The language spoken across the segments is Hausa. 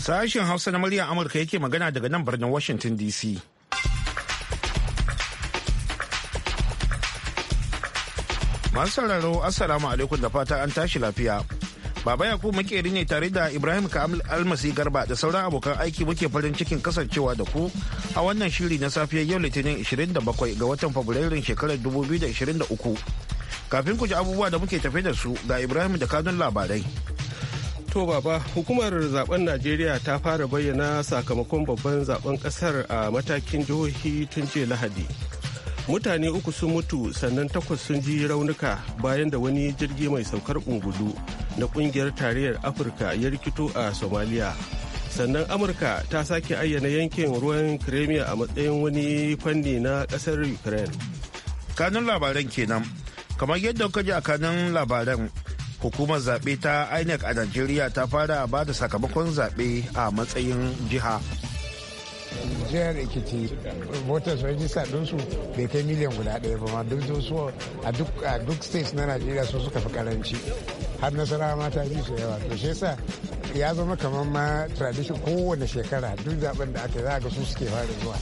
Sashen Hausa na muryar Amurka yake magana daga nan birnin Washington DC. Masu sauraro Assalamu alaikum da fata an tashi lafiya. Baba Yakubu makeri ne tare da Ibrahim Kamil Almasi Garba da sauran abokan aiki muke farin cikin kasancewa da ku a wannan shiri na safiyar yau Litinin 27 ga watan Fabrairun shekarar 2023. Kafin ku ji abubuwa da muke tafe da su ga Ibrahim da kanun labarai. To baba hukumar zaben Najeriya ta fara bayyana sakamakon babban zaben kasar a matakin jihohi tun jiya lahadi. Mutane uku sun mutu sannan takwas sun ji raunuka bayan da wani jirgi mai saukar ungulu na kungiyar tarayyar Afirka ya rikito a Somalia. Sannan Amurka ta sake ayyana yankin ruwan Crimea a matsayin wani fanni na kasar Ukraine. Kanun labaran kenan. kamar yadda kuka ji a kanin labaran hukumar zaɓe ta inec a najeriya ta fara ba da sakamakon zaɓe a matsayin jiha jihar ekiti voters register su bai kai miliyan guda ɗaya ba ma duk su a duk states na najeriya su suka fi karanci har nasara ma ta ji su yawa to shi yasa ya zama kamar ma tradition kowane shekara duk zaben da aka za ga su suke fara zuwa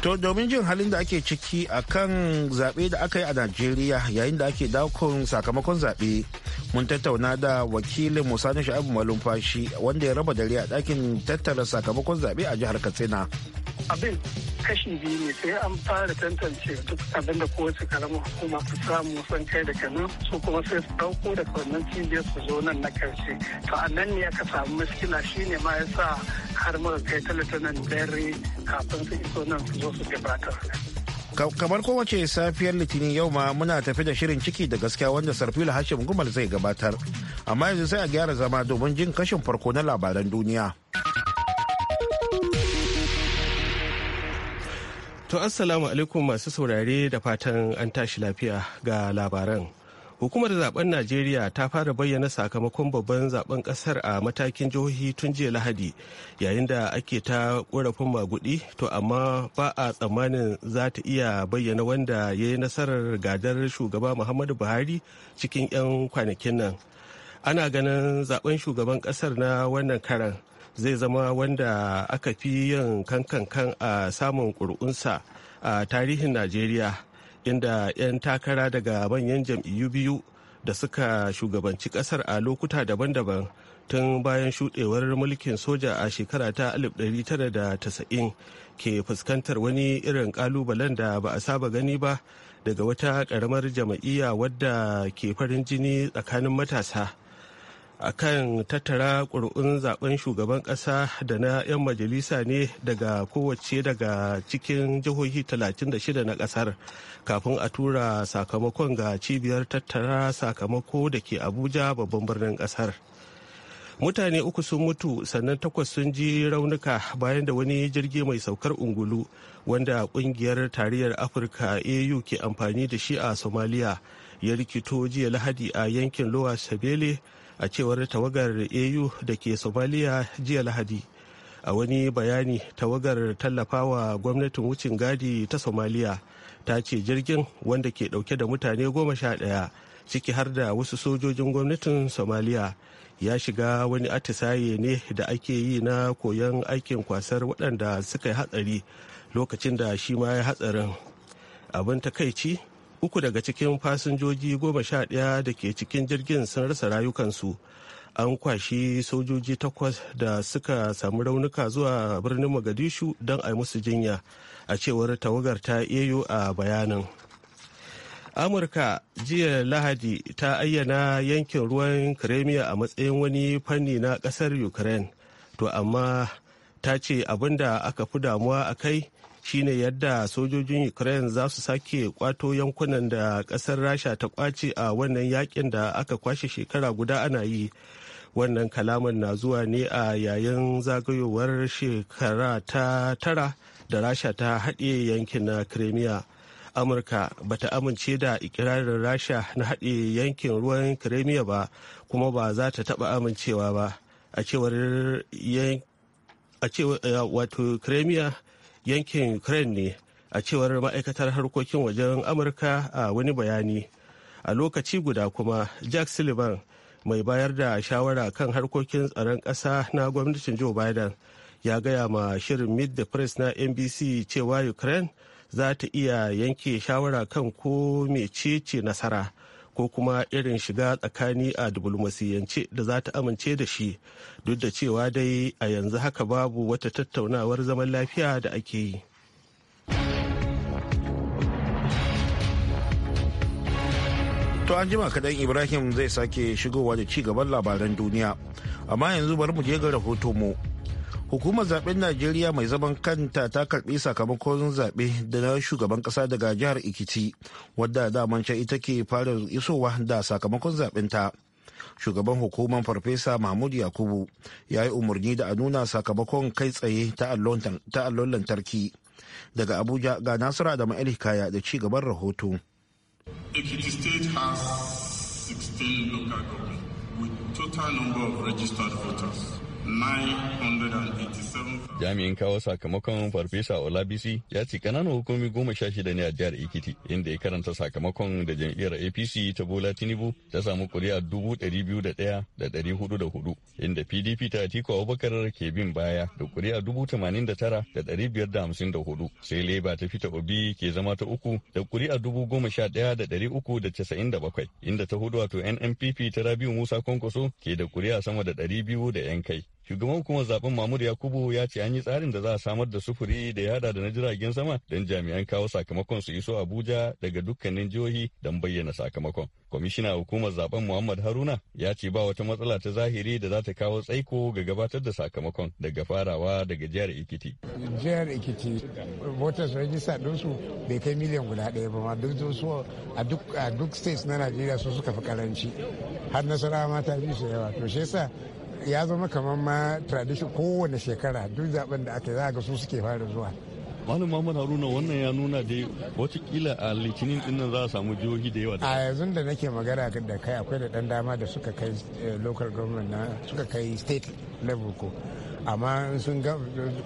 To domin jin halin da ake ciki a kan zaɓe da aka yi a Najeriya yayin da ake dakon sakamakon zaɓe mun tattauna da wakilin musani sha'abu malumfashi wanda ya raba dare a dakin tattara sakamakon zaɓe a jihar katsina abin kashi biyu ne sai an fara tantance duk abin da kowace karamar hukuma su samu san kai da kanin su kuma sai su dauko da wannan cibiyar su zo nan na karshe to a nan ne aka samu maskila shine ma ya sa har muka kai talatanan dare kafin su iso nan su zo su gabatar kamar kowace safiyar litinin yau ma muna tafi da shirin ciki da gaskiya wanda sarfila hashim gumal zai gabatar amma yanzu sai a gyara zama domin jin kashin farko na labaran duniya to assalamu alaikum masu saurare da fatan an tashi lafiya ga labaran hukumar zaben najeriya ta fara bayyana sakamakon babban zaben kasar a matakin jihohi tun jiya lahadi yayin da ake ta ƙorafin magudi to amma ba a tsammanin za ta iya bayyana wanda ya yi nasarar gadar shugaba muhammadu buhari cikin 'yan kwanakin nan ana ganin zaben shugaban kasar na wannan karan zai zama wanda aka fi yin kankan kan a samun ƙuri'unsa a tarihin najeriya inda 'yan takara daga manyan jam'iyyu biyu da suka shugabanci kasar a lokuta daban-daban tun bayan shudewar mulkin soja a shekara ta 1990 ke fuskantar wani irin kalubalen da ba a saba gani ba daga wata karamar jama'iyya wadda ke farin jini tsakanin matasa akan tattara ƙuri'un zaben shugaban ƙasa da na 'yan majalisa ne daga kowace daga cikin jihohi 36 na ƙasar kafin a tura sakamakon ga cibiyar tattara sakamako da ke abuja babban birnin ƙasar mutane uku sun mutu sannan takwas sun ji raunuka bayan da wani jirgi mai saukar ungulu wanda kungiyar tarayyar afirka au ke amfani da shi a somaliya ya rikito jiya lahadi a yankin lowa sabele a cewar tawagar au da ke somaliya jiya lahadi a wani bayani tawagar tallafawa gwamnatin wucin gadi ta somaliya ta ce jirgin wanda ke dauke da mutane goma sha daya ciki har da wasu sojojin gwamnatin somaliya ya shiga wani atisaye ne da ake yi na koyon aikin kwasar waɗanda suka yi hatsari lokacin da shi ma ya hatsarin abin takaici uku daga cikin fasinjoji goma sha ɗaya da ke cikin jirgin sun rasa rayukansu an kwashi sojoji takwas da suka samu raunuka zuwa birnin mogadishu don a musu jinya a cewar tawagar ta au a bayanin amurka jiya lahadi ta ayyana yankin ruwan kremia a matsayin wani fanni na ƙasar ukraine to amma ta ce abinda aka fi damuwa a kai shine yadda sojojin ukraine za su sake kwato yankunan da kasar rasha ta kwace a wannan yakin da aka kwashe shekara guda ana yi wannan kalaman na zuwa ne a yayin zagayowar shekara ta tara da rasha ta haɗe yankin na crimea amurka ba ta amince da ikirarin rasha na haɗe yankin ruwan crimea ba kuma ba za ta taɓa amincewa ba a cewar eh, wato crimea yankin ukraine ne a cewar ma'aikatar harkokin wajen amurka a wani bayani a lokaci guda kuma jack sullivan mai bayar da shawara kan harkokin tsaron ƙasa na gwamnatin joe biden ya gaya ma shirin meet the press na nbc cewa ukraine za ta iya yanke shawara kan ko mece ce nasara ko kuma irin shiga tsakani a diplomasiyance da za ta amince da shi duk da cewa dai a yanzu haka babu wata tattaunawar zaman lafiya da ake yi. To an jima kaɗan Ibrahim zai sake shigowa da ci gaban labaran duniya. Amma yanzu bari mu je ga rahoton mu. hukumar zaben najeriya mai zaman kanta ta karbi sakamakon zabe da na shugaban kasa daga jihar ikiti wadda daman can ita ke fara isowa da sakamakon zaɓen ta shugaban hukumar farfesa mahmud yakubu ya yi umarni da a nuna sakamakon kai tsaye ta allon lantarki daga abuja ga nasara da ma'ali kaya da ci gaban rahoto Ekiti total number of registered voters Jami'in kawo sakamakon Farfesa Olabisi ya ce kananan hukumi goma sha shida ne a jihar Ekiti inda ya karanta sakamakon da jam'iyyar APC ta Bola Tinubu ta samu kuri'a dubu ɗari biyu da ɗaya da ɗari hudu da hudu inda PDP ta Atiku Abubakar ke bin baya da kuri'a dubu tamanin da tara da ɗari biyar da hamsin da hudu sai leba ta fita Obi ke zama ta uku da kuri'a dubu goma sha ɗaya da ɗari uku da casa'in da bakwai inda ta hudu wato NNPP ta Rabiu Musa Kwankwaso ke da kuri'a sama da ɗari biyu da 'yan kai. Shugaban hukumar zaben Mahmud Yakubu ya ce an yi tsarin da za a samar da sufuri da yada da na jiragen sama don jami'an kawo sakamakon su iso Abuja daga dukkanin jihohi don bayyana sakamakon. Kwamishina hukumar zaben Muhammad Haruna ya ce ba wata matsala ta zahiri da za ta kawo tsaiko ga gabatar da sakamakon daga farawa daga jihar ikiti. Jihar Ekiti voters register su bai kai miliyan guda ɗaya ba ma duk su a duk states na Najeriya su suka fi karanci har nasarawa mata biyu su yawa to shi yasa ya zama kamar ma tradition kowane shekara duk zaben da aka yi za ga su suke fara zuwa malam Muhammad Haruna wannan ya nuna dai watakila a litinin dinnan za a samu jihohi da yawa. A yanzu da nake magana da kai akwai da dan dama da suka kai eh, local government na suka kai state level ko. amma sun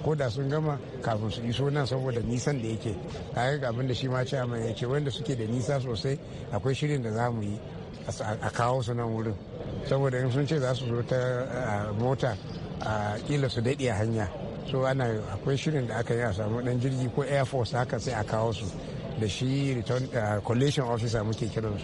ko da sun gama kafin su iso nan saboda nisan da yake kaga abin da shi ma ce ya ce wanda suke da nisa sosai akwai shirin da za mu yi a kawo su nan wurin saboda in sun ce za su zo ta mota a kila su daɗe a hanya so ana akwai shirin da aka yi a samu ɗan jirgi ko air force haka sai a kawo su da shi collation officer muke kiran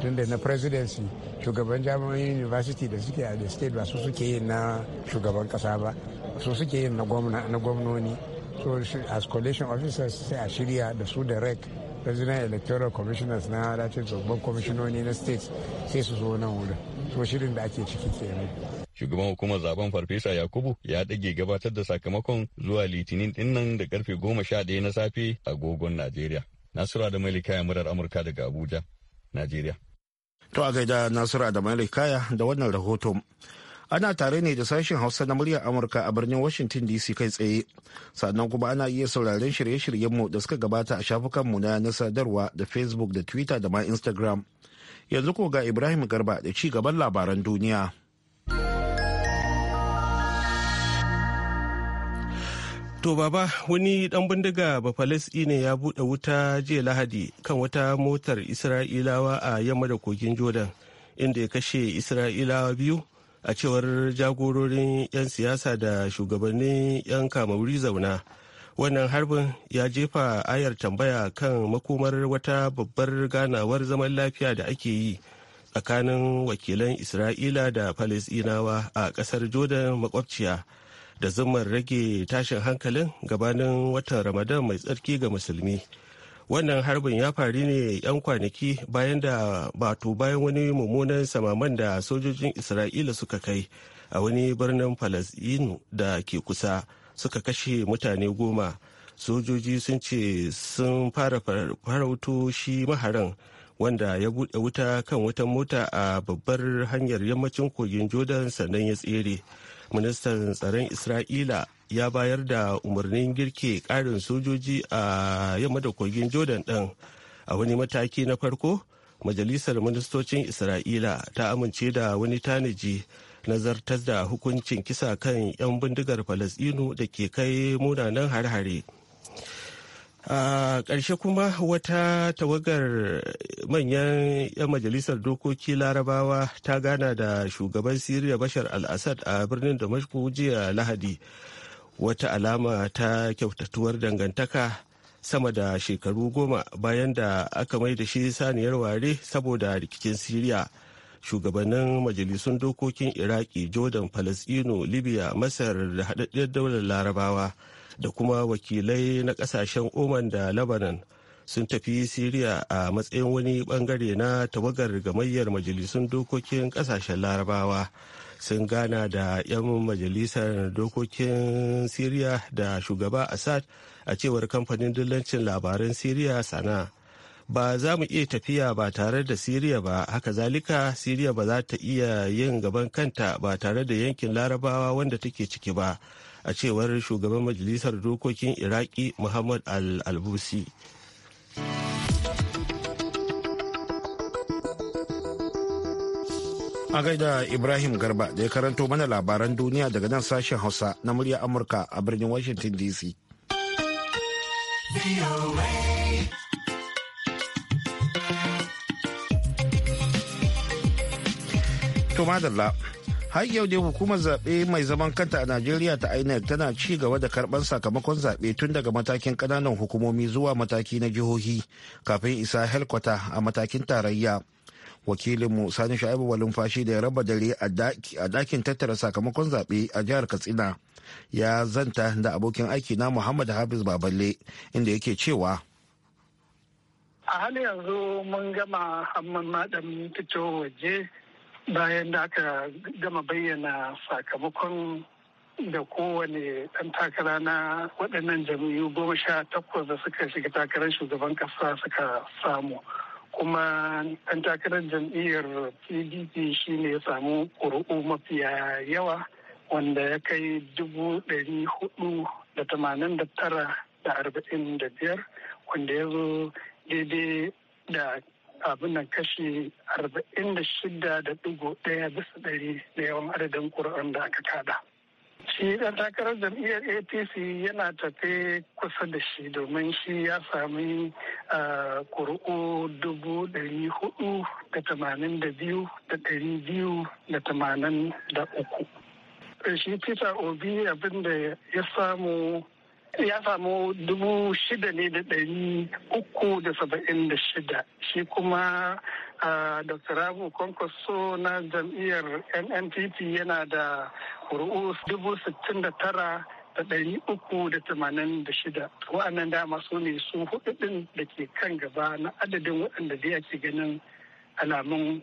kiransu da na presidency shugaban jami'an university da suke a the state ba su suke yin na shugaban kasa ba su suke yin na gwamnoni so as collation officers sai a shirya da su da rec president electoral commissioners na dace babban kwamishinoni na state sai su zo nan wurin to shirin da ake ciki kenan shugaban hukumar zaben farfesa yakubu ya dage gabatar da sakamakon zuwa litinin dinnan da karfe goma sha ɗaya na safe a gogon najeriya nasura da malika ya murar amurka daga abuja najeriya to a gaida nasura da malika da wannan rahoto ana tare ne da sashen hausa na muryar amurka a birnin washington dc kai tsaye sannan kuma ana iya sauraren shirye-shiryenmu da suka gabata a shafukanmu na sadarwa da facebook da twitter da ma instagram yanzu ko ga ibrahim garba da ci gaban labaran duniya To baba wani dan bindiga ne ya buɗe wuta jiya lahadi kan wata motar Isra'ilawa a yamma da kogin Jordan inda ya kashe Isra'ilawa biyu a cewar jagororin 'yan siyasa da shugabannin 'yan kamauri zauna. wannan harbin ya jefa ayar tambaya kan makomar wata babbar ganawar zaman lafiya da ake yi tsakanin wakilan isra'ila da falasinawa a kasar jordan makwabciya da zumar rage tashin hankalin gabanin watan ramadan mai tsarki ga musulmi wannan harbin ya faru ne 'yan kwanaki bayan da bato bayan wani mummunan samaman da sojojin isra'ila suka kai a wani birnin falasinu da ke kusa suka kashe mutane goma sojoji sun ce sun fara farautu shi maharan wanda ya buɗe wuta kan wata mota a babbar hanyar yammacin kogin jordan sannan ya tsere ministan tsaron isra'ila ya bayar da umarnin girke ƙarin sojoji a yamma da kogin jordan ɗin a wani mataki na farko majalisar ministocin isra'ila ta amince da wani tanaji nazartar da hukuncin kisa kan 'yan bindigar falasɗinu da ke kai munanan hare-hare. a ƙarshe kuma wata tawagar manyan 'yan majalisar dokoki larabawa ta gana da shugaban siriya bashar al-assad a birnin damashku jiya lahadi wata alama ta kyautatuwar dangantaka sama da shekaru goma bayan da aka mai da shi saniyar ware saboda rikicin siriya shugabannin majalisun dokokin iraki jordan falasino libya masar da haɗaɗɗiyar daular larabawa da kuma wakilai na ƙasashen oman da lebanon sun tafi siriya a matsayin wani bangare na tawagar gamayyar majalisun dokokin ƙasashen larabawa sun gana da 'yan majalisar dokokin siriya da shugaba assad a cewar kamfanin dillancin labaran siriya sana'a ba za mu iya tafiya ba tare da siriya ba haka zalika siriya ba za ta iya yin gaban kanta ba tare da yankin larabawa wanda take ciki ba a cewar shugaban majalisar dokokin iraki muhammad al-albusi a gaida ibrahim garba da ya karanto mana labaran duniya daga nan sashen hausa na murya amurka a birnin washington dc To madalla, har yau dai hukumar zaɓe mai zaman kanta a Najeriya ta INEC tana ci gaba da karɓar sakamakon zaɓe tun daga matakin ƙananan hukumomi zuwa mataki na jihohi kafin isa helkwata a matakin tarayya. Wakilinmu Sani Sha'ibu Walumfashi da ya raba dare a dakin tattara sakamakon zaɓe a jihar Katsina ya zanta da abokin aiki na Muhammad Hafiz Baballe inda yake cewa. A hali yanzu mun gama hamman maɗan fito waje bayan da aka gama bayyana sakamakon da kowane ɗan takara na waɗannan jam'iyyu goma sha takwas da suka shiga takarar shugaban ƙasa suka samu kuma ɗan takarar jam'iyyar pdp shine ya samu ƙuri'u mafiya yawa wanda ya kai dubu ɗari hudu da tamanin da tara da arba'in da biyar wanda ya zo daidai da abin nan kashi 46.1 bisa ɗari da yawan adadin ƙuri'un da aka kada. Shi ɗan takarar jam'iyyar APC yana tafe kusa da shi domin shi ya sami ƙuri'u dubu ɗari hudu da tamanin da biyu da ɗari biyu da tamanin da uku. Shi Peter Obi abin da ya samu ya samu dubu shida ne da ɗari uku da saba'in da shida shi kuma dr Abu Konkoso na jam'iyyar nnpp yana da kuri'u dubu sittin da tara da ɗari uku da tamanin da shida wa'annan dama su ne su hudu ɗin da ke kan gaba na adadin waɗanda ya ke ganin alamun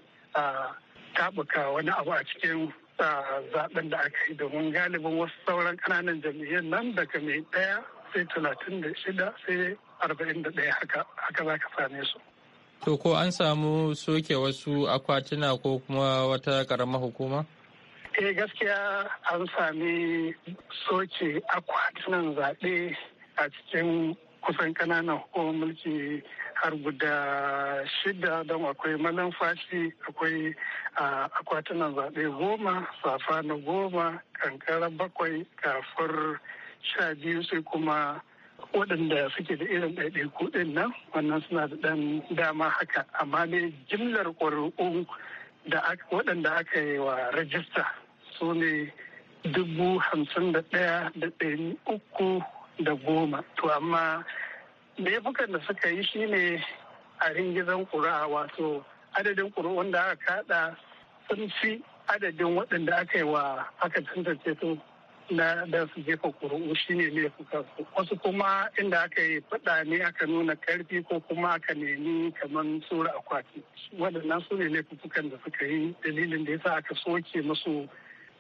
tabuka wani abu a cikin zaɓen da aka yi domin galibin wasu sauran ƙananan jam'i'an nan daga mai ɗaya sai talatin da shida sai arba'in da ɗaya haka haka za ka same su. To ko an samu soke wasu akwatuna ko kuma wata ƙaramar hukuma? Eh gaskiya an sami soke akwatunan zaɓe a cikin kusan ƙananan hukumar mulki har guda shida don akwai malamfashi akwai akwatunan zaɓe goma safa na goma kankara bakwai kafar sha biyu sai kuma waɗanda suke da irin ɗaiɗaiku ɗin nan wannan suna da ɗan dama haka amma ne jimlar ƙwararru da waɗanda aka yi wa rajista su ne dubu hamsin da ɗaya da ɗari uku da goma to amma laifukan da suka yi shine a ringizan ƙuri'a wato adadin ƙuri'un da aka kada sun fi adadin waɗanda aka yi wa aka tantance su na da su jefa ƙuri'u shine laifukan su wasu kuma inda aka yi faɗa ne aka nuna karfi ko kuma aka nemi kamar tsura akwati waɗannan su ne laifukan da suka yi dalilin da yasa aka soke musu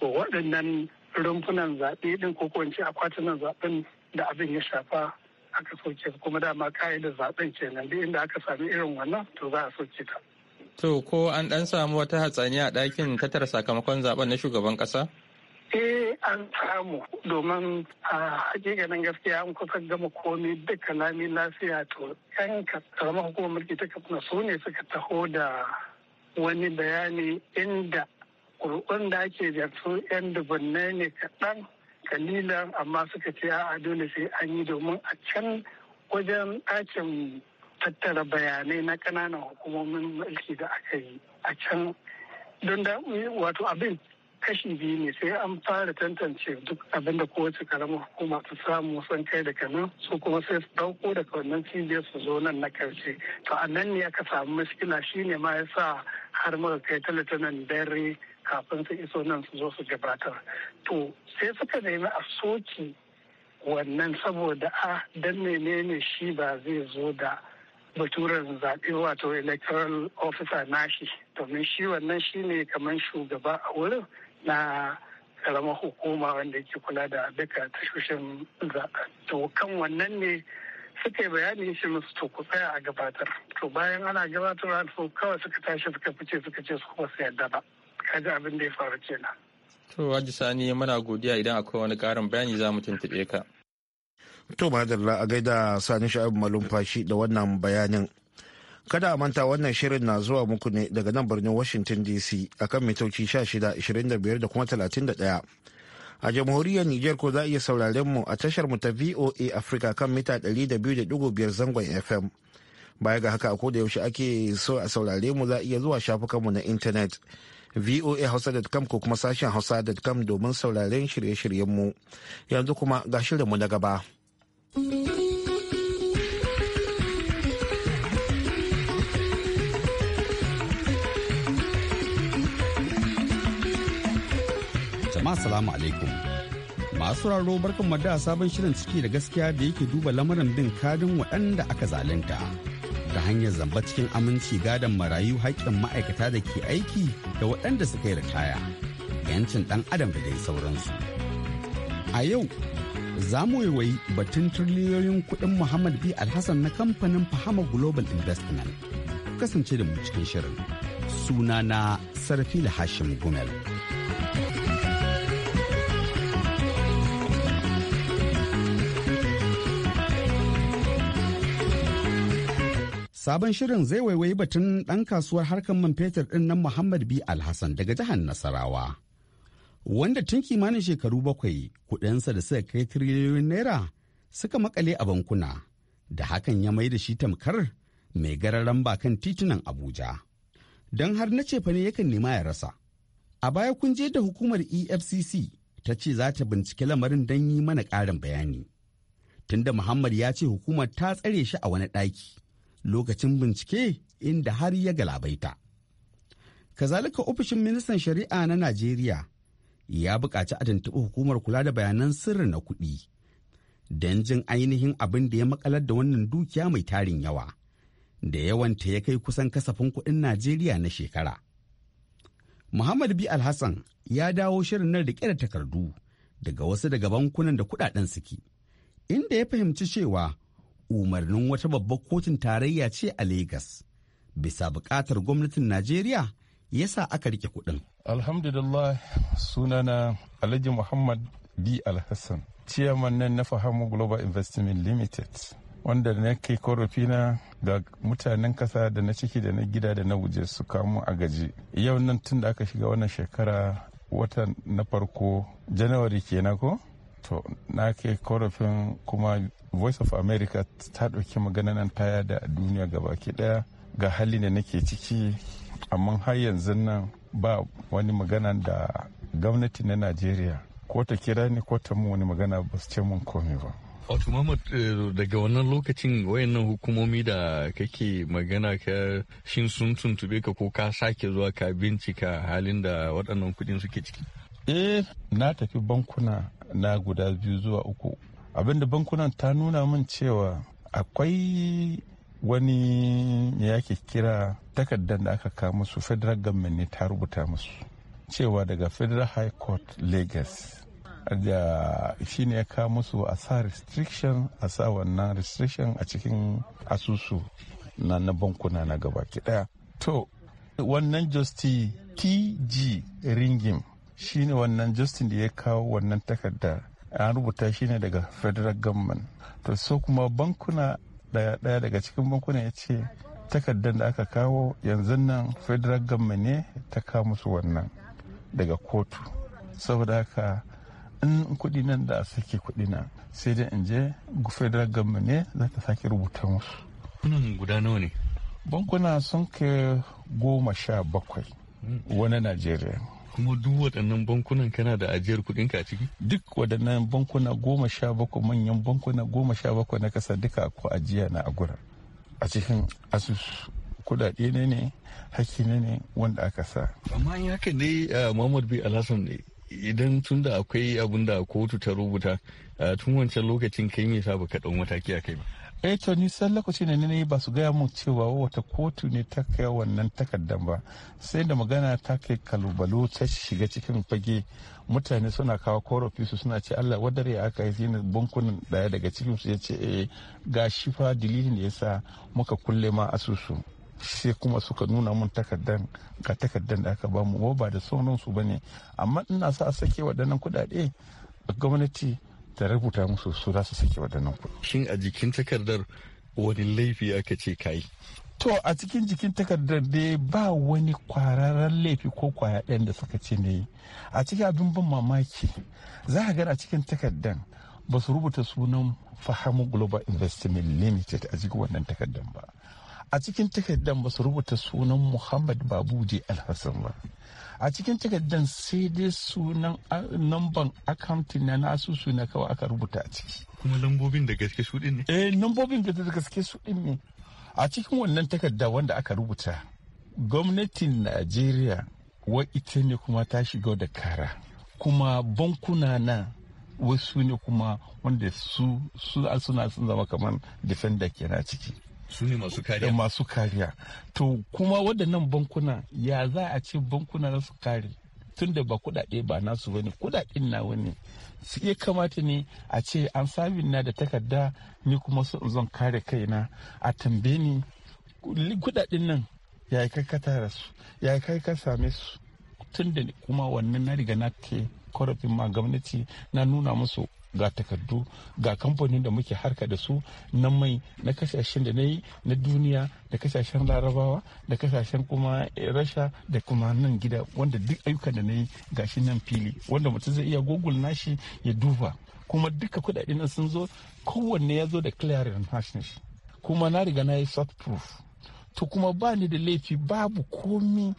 waɗannan rumfunan zaɓe ɗin ko ko akwatunan zaɓen da abin ya shafa aka soke kuma dama ka'idar zaben kenan duk inda aka sami irin wannan to za a soke ta. To ko an dan samu wata hatsani a ɗakin tattara sakamakon zaben na shugaban ƙasa? eh an samu domin a hakikanin gaskiya an kusan gama komi duka lami lafiya to yan karamar hukumar mulki ta kafin su ne suka taho da wani bayani inda kurkun da ake da yan dubunne ne kaɗan kalilan amma suka ce a dole sai an yi domin a can wajen ɗakin tattara bayanai na ƙananan hukumomin mulki da aka yi a can don da eh, wato abin kashi biyu ne sai an fara tantance duk abin da kowace karamar hukuma ta samu san kai da kanan su kuma sai su dauko daga wannan cibiyar su zo nan na karshe to a nan ne aka samu mashkila shine ma ya sa har muka kai talatinan dare kafin su iso nan su zo su gabatar to sai suka nemi a soki wannan saboda a dan menene shi ba zai zo da baturen zaɓe wato electoral officer nashi domin shi wannan shi ne kamar shugaba a wurin na karamar hukuma wanda ke kula da duka tashoshin zaɓe to kan wannan ne suka yi bayani shi musu to ku tsaya a gabatar to bayan ana gabatar gabatarwa kawai suka tashi suka fice suka ce su kuma su yadda ba kaji abin da ya faru kenan. To Sani muna godiya idan akwai wani karin bayani za mu tuntuɓe ka. To madalla a gaida Sani Sha'ib Malumfashi da wannan bayanin. Kada a manta wannan shirin na zuwa muku ne daga nan birnin Washington DC akan mitoci 16, da kuma 31. a jamhuriyar Nijar ko za a iya sauraren mu a tashar mu ta VOA Africa kan mita 200.5 zangon FM. Baya ga haka a koda yaushe ake so a saurare mu za a iya zuwa mu na intanet voahausa.com ko kuma sashen hausa.com domin sauraren shirye-shiryenmu yanzu kuma ga shirinmu na gaba. jama'a salamu alaikum masu raro barkan da sabon shirin ciki da gaskiya da yake duba lamarin bin kadin waɗanda aka zalunta ta hanyar zamba cikin aminci gadon marayu haƙƙin ma'aikata da ke aiki da waɗanda suka yi ritaya yancin ɗan adam da dai sauransu a yau za mu waiwayi batun turliyoyin kuɗin muhammad b alhassan na kamfanin fahama global investment kasance da mu cikin shirin sunana sarfila hashim gumel. Sabon shirin zai waiwayi batun ɗan kasuwar harkar man fetur ɗin nan Muhammad B. Alhassan daga jihar Nasarawa. Wanda tun kimanin shekaru bakwai kuɗinsa da suka kai tiriliyoyin naira suka makale a bankuna da hakan ya mai da shi tamkar mai gararan bakan titunan Abuja. Don har na cefa ne yakan nema ya rasa. A baya kun je da hukumar EFCC ta ce za ta bincike lamarin don yi mana ƙarin bayani. Tunda Muhammad ya ce hukumar ta tsare shi a wani ɗaki lokacin bincike inda har ya galabaita. Kazalika ofishin ministan shari'a na Najeriya ya buƙaci a tuntuɓi hukumar kula da bayanan sirri na kuɗi don jin ainihin abin da ya makalar da wannan dukiya mai tarin yawa da yawanta ya kai kusan kasafin kuɗin Najeriya na shekara. Muhammad bi Alhassan ya dawo shirin nan riƙe da takardu daga wasu daga bankunan da kuɗaɗen suke, inda ya fahimci cewa umarnin wata babbar kotun tarayya ce a Legas. Bisa buƙatar gwamnatin Najeriya ya sa aka rike kuɗin. Alhamdulillah sunana Alhaji Muhammad B. Alhassan, ciyaman nan na Fahamu Global Investment Limited, wanda na kai korafina ga mutanen kasa da na ciki da na gida da na wuje su kamo a gaji. Yau nan tun da aka shiga wannan shekara watan na farko Janawari kenan ko? to na ke korafin kuma voice of america ta ɗauki magana nan ta yada a duniya gabaki ɗaya ga hali da nake ciki amma har yanzu nan ba wani magana da gwamnati na najeriya ko ta kira ni ko ta wani magana ba su ce mun komai ba wato Muhammad eh, daga wannan lokacin wayannan hukumomi da kake magana ka shin sun tuntube ka ko ka sake zuwa ka bincika halin da waɗannan kuɗin suke ciki eh na tafi bankuna na guda biyu zuwa uku abinda bankunan ta nuna min cewa akwai wani me yake kira takardar da aka kawo musu federal government ne ta rubuta musu cewa daga federal high court lagos da shi ne ya kawo musu a sa restriction a sa wannan restriction a cikin asusu na na bankuna na gaba daya to wannan justi tg ringim shine wannan justin da ya kawo wannan takarda an rubuta shi ne daga federal government to so kuma bankuna daya daya daga cikin bankuna ya ce takardar da aka kawo yanzu nan federal government ne ta kawo musu wannan daga kotu saboda haka in kudi nan da a sake kudi nan sai dai in je federal government ne za ta sake rubuta musu kunan guda nawa ne bankuna sun kai goma sha bakwai hmm. wani najeriya kuma duk waɗannan bankunan kana da ajiyar kuɗin ka ciki duk waɗannan bankuna goma sha bakwai manyan bankuna goma sha bakwai na ƙasa duka ko ajiya na agura a cikin asus. kudade ne ne hakki ne ne wanda aka sa. amma in haka ne eh, muhammad bin alhassan ne idan tun da akwai abin da kotu ta rubuta eh, tun wancan lokacin kai me sa baka ɗau mataki a kai ba. eh to ni san lokaci ne ne ba su gaya mu cewa wata kotu ne ta kai wannan takardar ba sai da magana ta kai kalubalo ta shiga cikin fage mutane suna kawo korafi su suna ce Allah wadare aka yi zina bankunan daya daga cikin su ya ce eh ga shi fa dalilin da ya sa muka kulle ma asusu sai kuma suka nuna mun takardan ga takardan da aka bamu ba da sonon su bane amma ina sa a sake waɗannan kuɗaɗe gwamnati ta rubuta musu su za su saki waɗannan kuɗi. Shin a jikin takardar wani laifi aka ce kayi? To a cikin jikin takardar dai ba wani kwararren laifi ko kwaya ɗayan da suka ce ne a cikin abin ban mamaki za a gani a cikin takardar ba su rubuta sunan fahamu global investment limited a cikin wannan takardar ba a cikin takardar ba su rubuta sunan muhammad babuji alhassan ba a cikin takardar sai dai sunan namban akamti na nasu su na kawai aka rubuta a ciki kuma lambobin da gaske su ne eh lambobin da gaske su ne a cikin wannan takarda wanda aka rubuta gwamnatin najeriya wa ita ne kuma ta shiga da kara kuma bankuna na wasu ne kuma wanda su suna sun zama kamar defender kenan ciki su ne masu kariya masu kariya to kuma waɗannan bankuna ya za a ce bankuna na su kare tunda ba kudade ba nasu bane kudaden na wani su iya kamata ne a ce an sabin na da takarda ni kuma su zan kare kai na a tambe ni kudaden nan ya yi kai ka tara su ya yi kai ka same su tunda kuma wannan na riga na ke korafin ma gwamnati na nuna musu ga takardu ga kamfanin da muke harka da su na mai na kasashen da na yi na duniya da kasashen larabawa da kasashen kuma rasha da kuma nan gida wanda duk ayyukan da na yi shi nan fili wanda mutum zai iya google nashi ya duba kuma duka kudaden sun zo kowanne ya zo da clearing hash kuma na riga na yi soft proof to kuma ba ni da laifi babu komi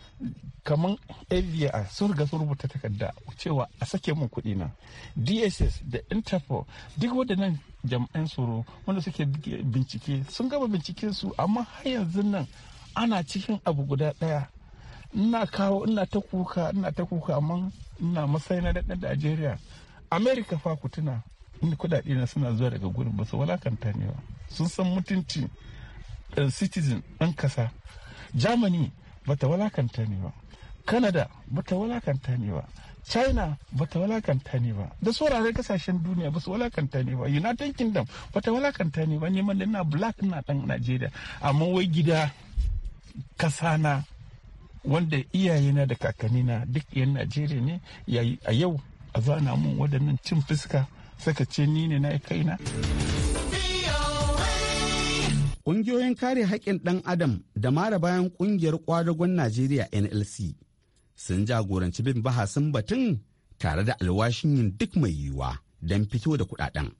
kamar fbi sun riga sun rubuta takarda cewa a sake mun kuɗi na dss da interpol duk waɗannan jam'an tsoro wanda suke bincike sun gama binciken su amma har yanzu nan ana cikin abu guda ɗaya ina kawo ina ta kuka ina ta kuka amma ina masai na da najeriya america fa kutuna tuna kuɗaɗe na suna zuwa daga gurin ba su walakanta ne ba sun san mutunci ɗan citizen ɗan ƙasa germany bata walakanta ne ba canada bata walakanta ne ba china bata walakanta ne ba da sauraren kasashen duniya ba su walakanta ne ba united kingdom bata walakanta ne ba neman da na black na ɗan nigeria amma wai gida kasana wanda iyayena da kakannina duk yan nigeria ne yayi a yau a zana mun waɗannan cin fuska saka ce ni ne na kaina. Ƙungiyoyin kare haƙƙin ɗan Adam da mara bayan ƙungiyar ƙwadagon Najeriya NLC sun jagoranci bin bahasin batun tare da alwashin yin duk mai yiwuwa don fito da kuɗaɗen.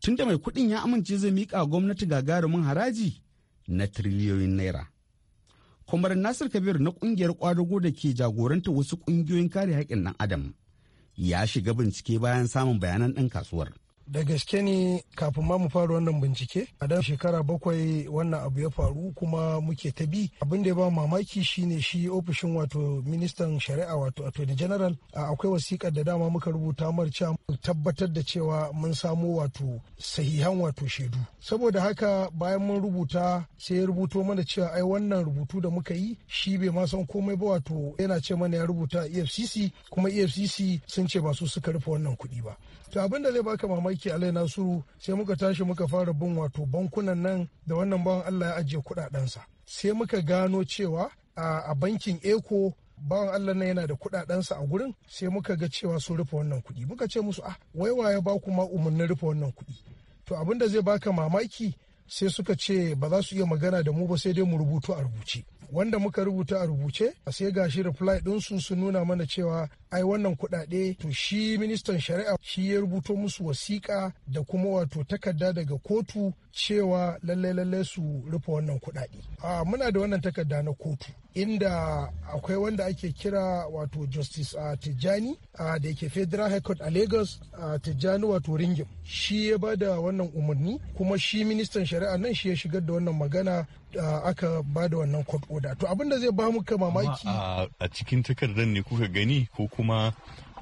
Tun da mai kuɗin ya amince zai miƙa gwamnati gagarumin haraji na tiriliyoyin naira. Kwamar Nasir Kabir na ƙungiyar ƙwadago da ke jagoranta wasu ƙungiyoyin kare haƙƙin ɗan Adam ya shiga bincike bayan samun bayanan ɗan kasuwar. da gaske ne kafin ma mu fara wannan bincike a dan shekara bakwai wannan abu ya faru kuma muke ta bi abin da ya ba mamaki shine shi ofishin wato ministan shari'a wato attorney general akwai wasika da dama muka rubuta mar cewa tabbatar da cewa mun samo wato sahihan wato shaidu saboda haka bayan mun rubuta sai ya rubuto mana cewa ai wannan rubutu da muka yi shi bai ma san komai ba wato yana ce mana ya rubuta efcc kuma efcc sun ce ba su suka rufe wannan kuɗi ba to abin da zai baka mamaki sarki alai sai muka tashi muka fara bin wato bankunan nan da wannan bawan allah ya ajiye sa sai muka gano cewa a bankin eco bawan Allah na yana da kudadensa a gurin sai muka ga cewa sun rufe wannan kuɗi muka ce musu ah wai waye ba ku ma umarnin rufe wannan kuɗi to abin da zai baka mamaki sai suka ce ba za su iya magana da mu ba sai dai mu rubutu a rubuce wanda muka rubuta a rubuce a sai gashi reply ɗinsu sun nuna mana cewa ai wannan kuɗaɗe to shi ministan shari'a shi ya rubuto musu wasiƙa da kuma wato takarda daga kotu cewa lallai lallai su rufe wannan kuɗaɗe. A muna da wannan takarda na kotu inda akwai wanda ake kira wato Justice a Tijjani da yake Federal High Court a Lagos a Tijjani wato Ringim. Shi ya ba da wannan umarni kuma shi ministan shari'a nan shi ya shigar da wannan magana aka ba da wannan court order. To abin da zai ba mu mamaki. A cikin takardar ne kuka gani ko kuma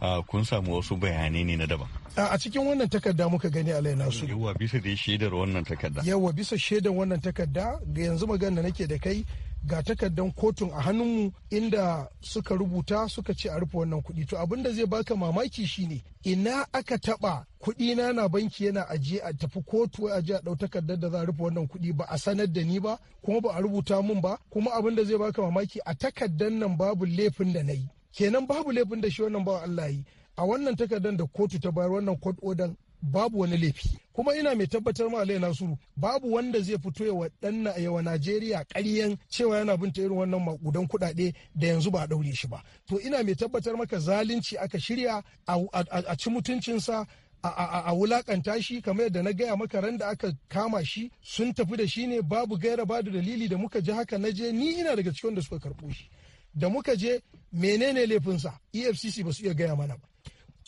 ah, kun samu wasu bayanai ne na daban. a cikin wannan takarda muka gani a su. yawa bisa da shaidar wannan takarda yawa bisa shaidar wannan takarda ga yanzu magana da nake da kai ga takardan kotun a hannunmu inda suka rubuta suka ce a rufe wannan kuɗi to abin da zai baka mamaki shine ina aka taɓa kuɗi na na banki yana ajiye a tafi kotu a je a ɗau takardar da za a rufe wannan kuɗi ba a sanar da ni ba kuma ba a rubuta mun ba kuma abin da zai baka mamaki a takardan nan babu laifin da na yi kenan babu laifin da shi wannan ba Allah yi a wannan takardar da kotu ta bayar wannan court order babu wani laifi kuma ina mai tabbatar ma Alai Nasiru babu wanda zai fito ya a yawa Najeriya ƙaryen cewa yana binta irin wannan makudan kuɗaɗe da yanzu ba a daure shi ba to ina mai tabbatar maka zalunci aka shirya a ci mutuncinsa a wulakanta shi kamar yadda na gaya maka ran da aka kama shi sun tafi da shi ne babu gaira babu dalili da muka ji haka na je ni ina daga cikin da suka karɓo shi da muka je menene laifinsa efcc ba su iya gaya mana ba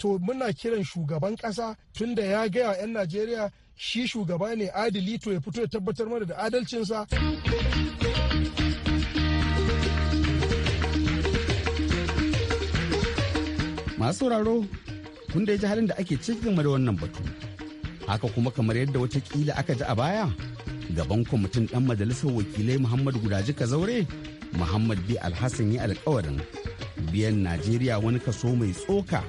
to muna kiran shugaban kasa tun da ya gaya 'yan najeriya shi shugaba ne adili to ya fito ya tabbatar mana da adalcinsa masu sauraro kun da ji halin da ake cikin da wannan batu haka kuma kamar yadda wata watakila aka ji a baya gaban kwamitin dan majalisar wakilai muhammadu gudaji ka zaure muhammad b alhassan ya alkawarin biyan najeriya wani kaso mai tsoka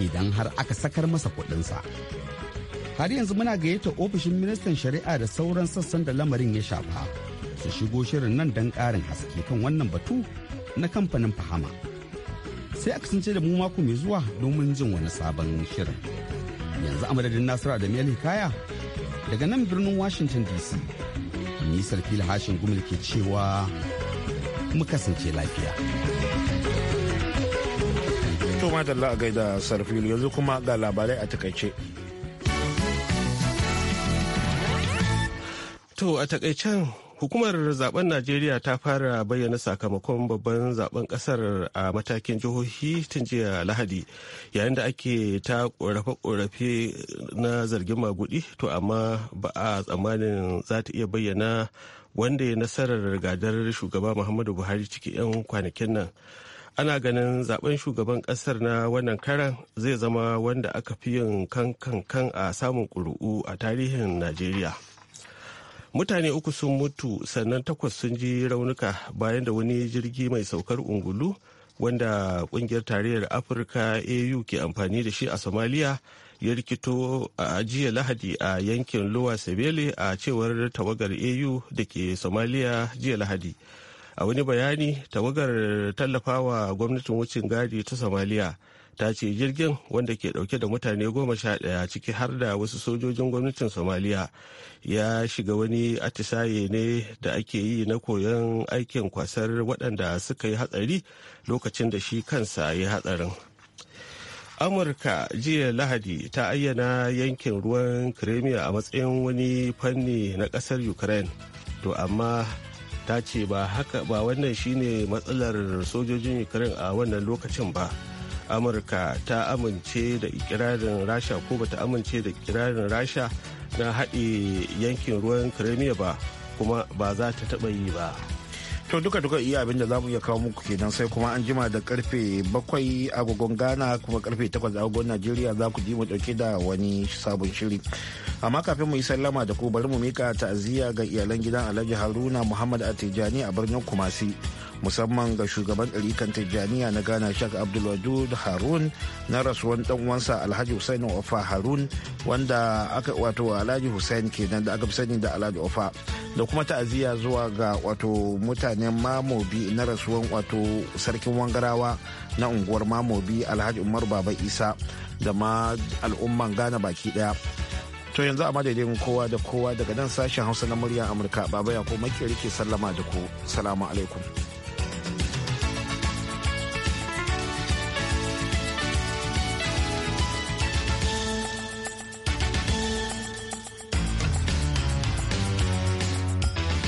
idan har aka sakar masa kudinsa har yanzu muna gayyata ofishin ministan shari'a da sauran sassan da lamarin ya shafa su shigo shirin nan don karin haske kan wannan batu na kamfanin fahama sai aka kasance da mu mako mai zuwa domin jin wani sabon shirin yanzu a madadin nasiru da mel hikaya daga nan birnin washington dc nisar fil hashin gumil ke cewa mu kasance lafiya. To madalla a gaida sarfilu yanzu kuma ga labarai a takaice. To a takaicen hukumar zaben najeriya ta fara bayyana sakamakon babban zaben kasar a matakin jihohi tun jiya lahadi yayin da ake ta korafe-korafe na zargin magudi to amma ba a tsammanin za ta iya bayyana wanda ya nasarar gadar shugaba muhammadu buhari ciki 'yan kwanakin nan ana ganin zaben shugaban kasar na wannan karan zai zama wanda aka fi yin kan a samun ƙuri'u a tarihin najeriya mutane uku sun mutu sannan takwas sun ji raunuka bayan da wani jirgi mai saukar ungulu wanda kungiyar tarayyar afirka au ke amfani da shi a somalia ya rikito a jiya lahadi a yankin lowa sebele a cewar tawagar au da ke somalia jiya lahadi a wani bayani tawagar tallafawa gwamnatin wucin gadi ta somalia ta ce jirgin wanda ke dauke da mutane goma sha daya ciki har da wasu sojojin gwamnatin somaliya ya shiga wani atisaye ne da ake yi na koyon aikin kwasar waɗanda suka yi hatsari lokacin da shi kansa ya hatsarin amurka jiya lahadi ta ayyana yankin ruwan kremia a matsayin wani fanni na ƙasar ukraine to amma ta ce ba ba wannan shine matsalar sojojin ukraine a wannan lokacin ba amurka ta amince da ikirarin rasha ko bata amince da ikirarin rasha na haɗe yankin ruwan kremiya ba kuma ba za ta taɓa yi ba to duka duka iya abin da za iya kawo muku kenan sai kuma an jima da karfe bakwai agogon ghana kuma karfe takwas agogon najeriya za ku ji mu dauke da wani sabon shiri amma kafin mu yi sallama da ku bari mu mika ta'aziyya ga iyalan gidan alhaji haruna muhammad atijani a birnin kumasi musamman ga shugaban ɗarikan tijjaniya na ghana shak abdulwadud harun na rasuwan dan uwansa alhaji hussein ofa harun wanda aka wato alhaji hussein kenan da aka fi sani da alhaji ofa da kuma ta'aziyya zuwa ga wato mutanen mamobi na rasuwan wato sarkin wangarawa na unguwar mamobi alhaji umar baba isa da ma al'umman ghana baki daya to yanzu a madadin kowa da kowa daga nan sashen hausa na murya amurka baba ya ko makeri ke sallama da ku salamu alaikum